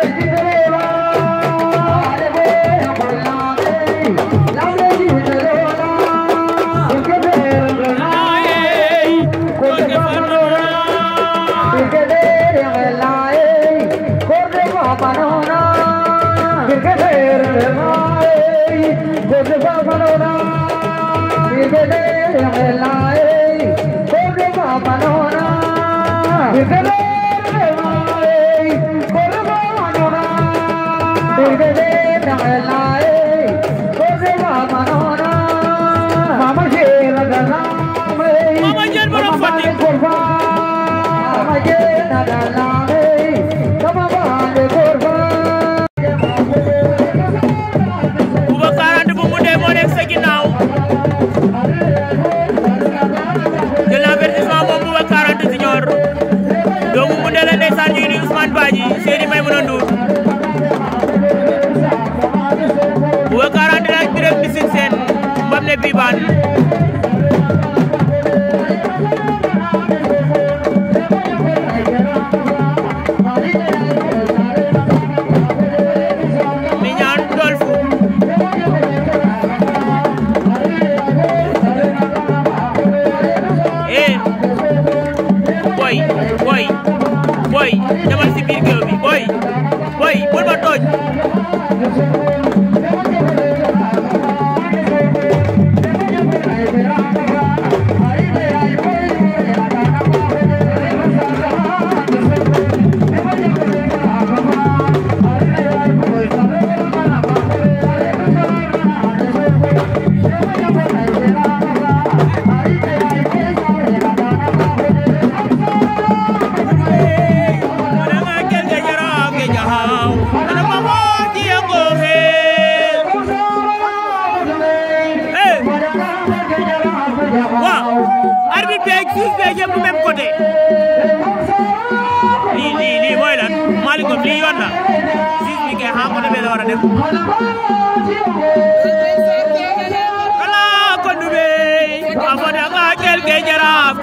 Gracias.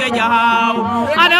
of the Yahoo. And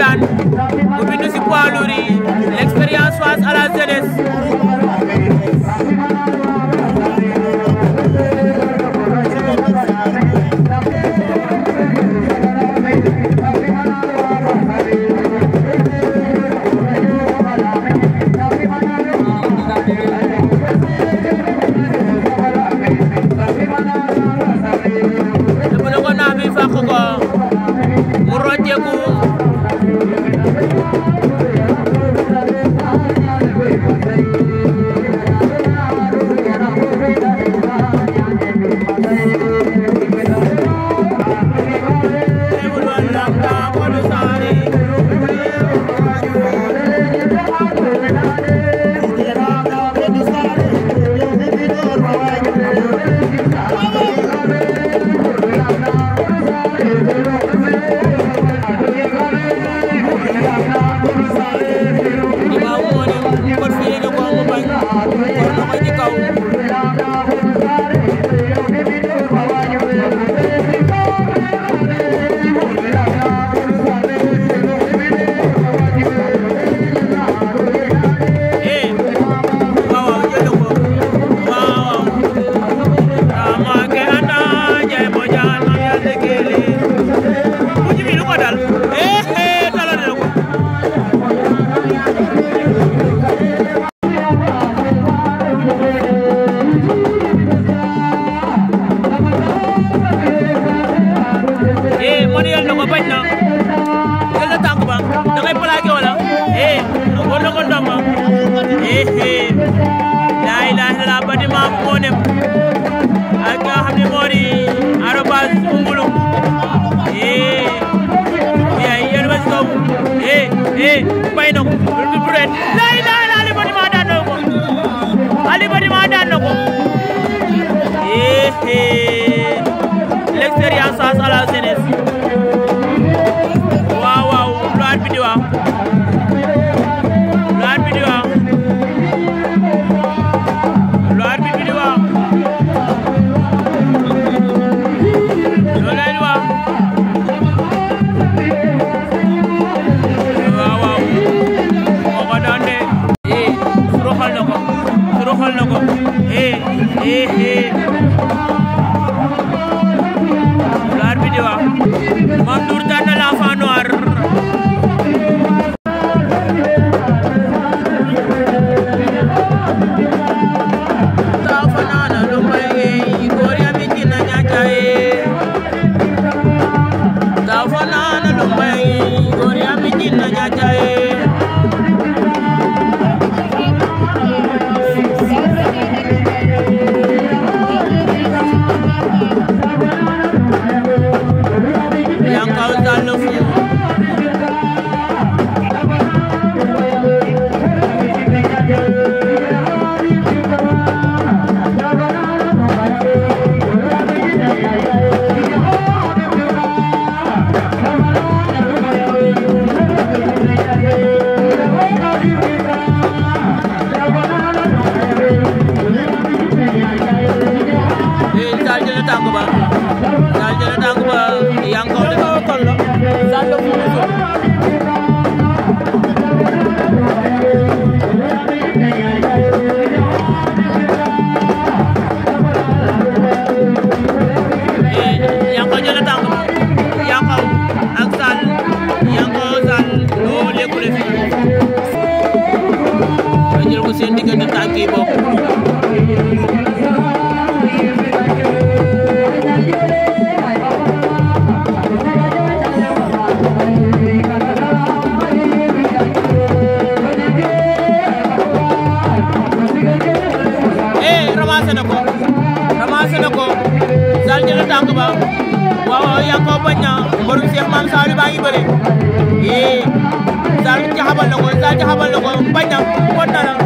daan mu l'expérience à la haɓar da gwan zaji haɓar da gwan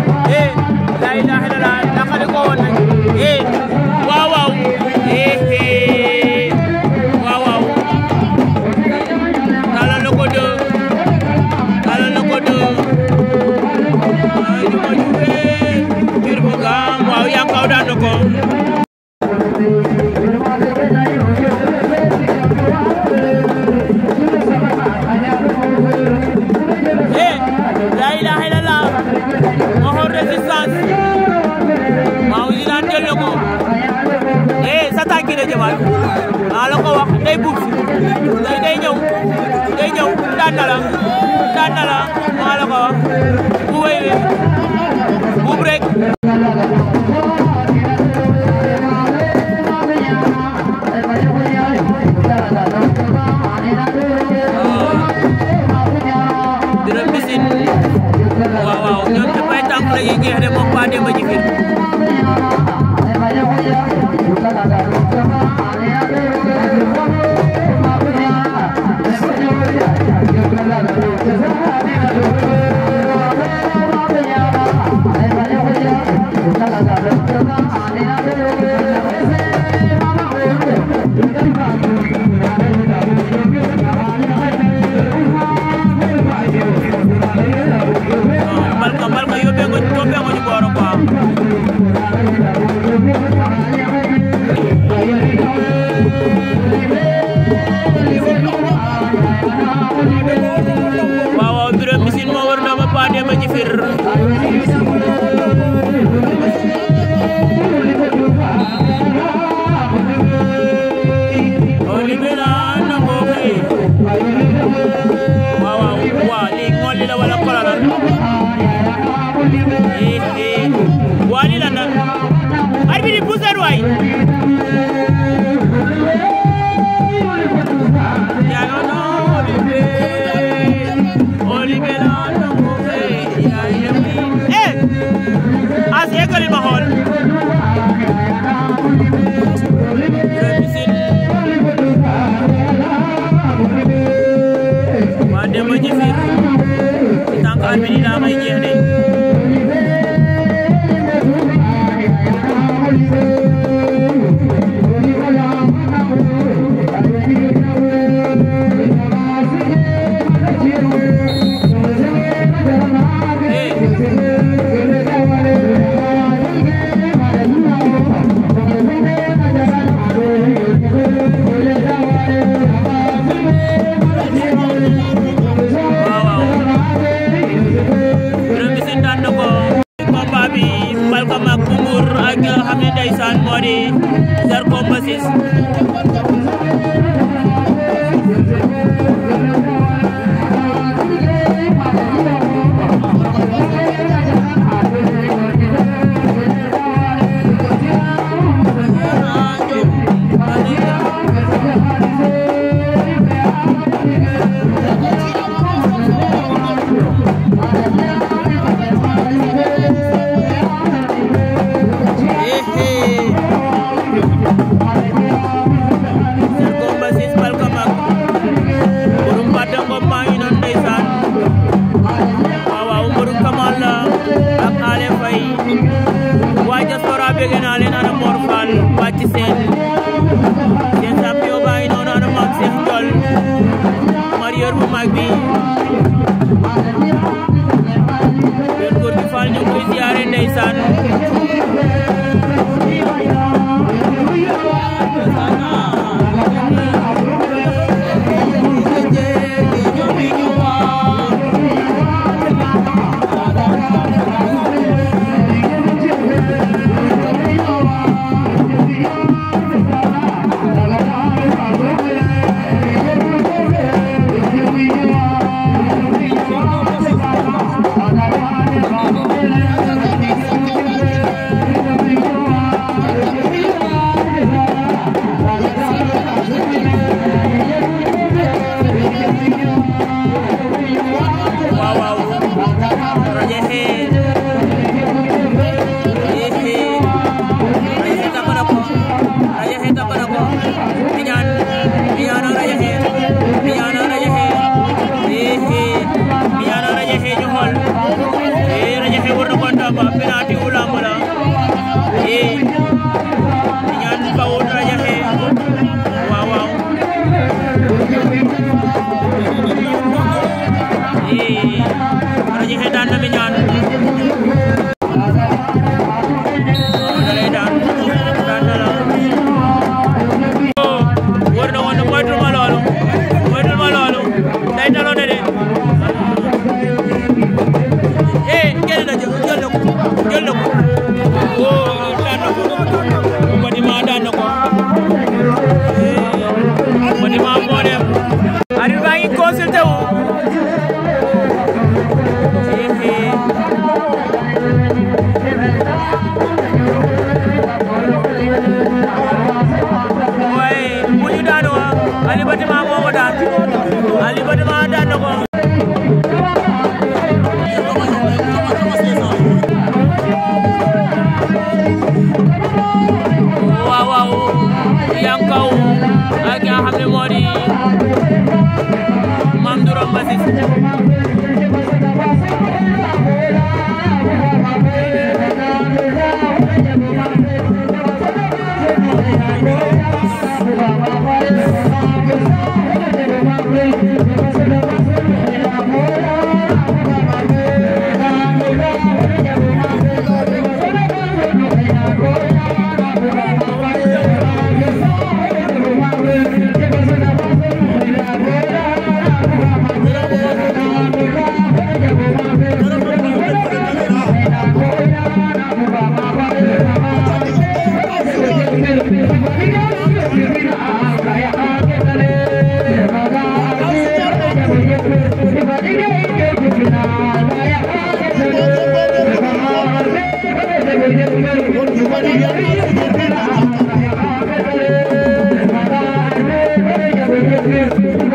Bye.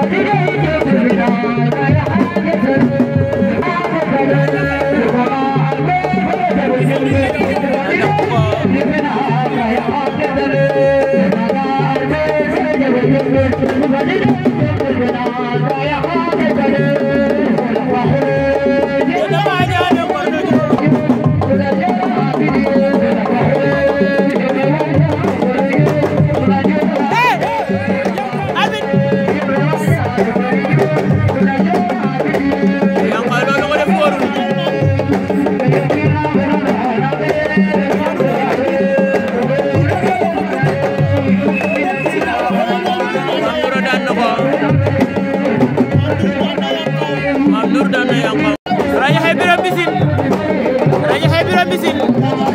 Thank you. doon na yomb rajaxe Birame Mbissine rajaxe Birame Mbissine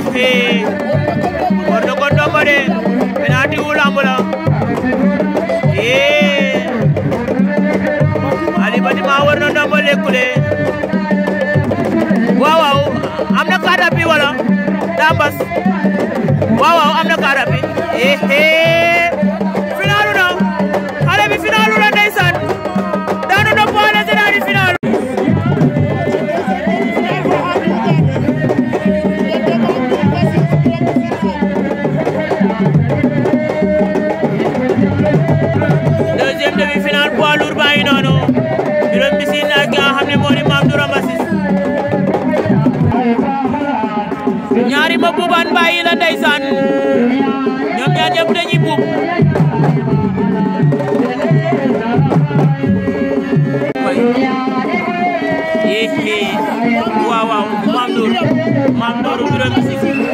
gordo gordo kode penati ulamula alibati ma warno ndombo lekkule wawaw am na kaarapi wala dambas wawaw am na kaarapi ehe grande.